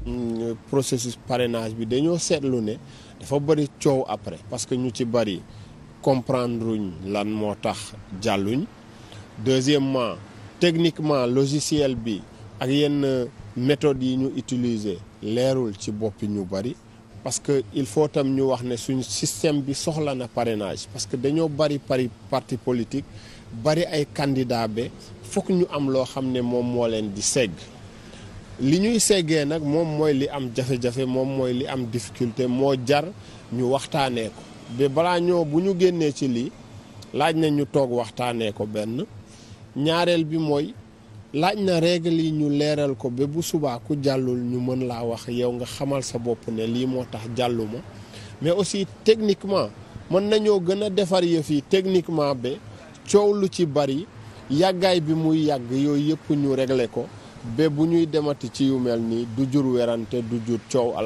Mm, processus parenage bi dañoo seetlu ne dafa bëri coow après parce que ñu ci bëri comprendre uñ lan moo tax jàlluñ deuxièmement techniquement logiciel bi ak yenn méthodes yi ñu utiliser leerul ci boppi ñu bëri parce que il faut tam ñu wax ne suñu système bi soxla na parrainage parce que dañoo bëri pari parti politique bari ay candidat be foog ñu am loo xam ne moom moo leen di segg li ñuy seggee nag moom mooy li am jafe-jafe moom mooy li am difficulté moo jar ñu waxtaanee ko ba balaa ñoo ñu génnee ci lii laaj na ñu toog waxtaanee ko benn ñaareel bi mooy laaj na règle yi ñu leeral ko ba bu subaa ku jàllul ñu mën laa wax yow nga xamal sa bopp ne lii moo tax ma mais aussi techniquement mën nañoo gën a defar yëf yi techniquement ba coow lu ci bari yàggaay bi muy yàgg yooyu yëpp ñu régler ko ba bu ñuy demati ci yu mel nii du jur werante du jur coow à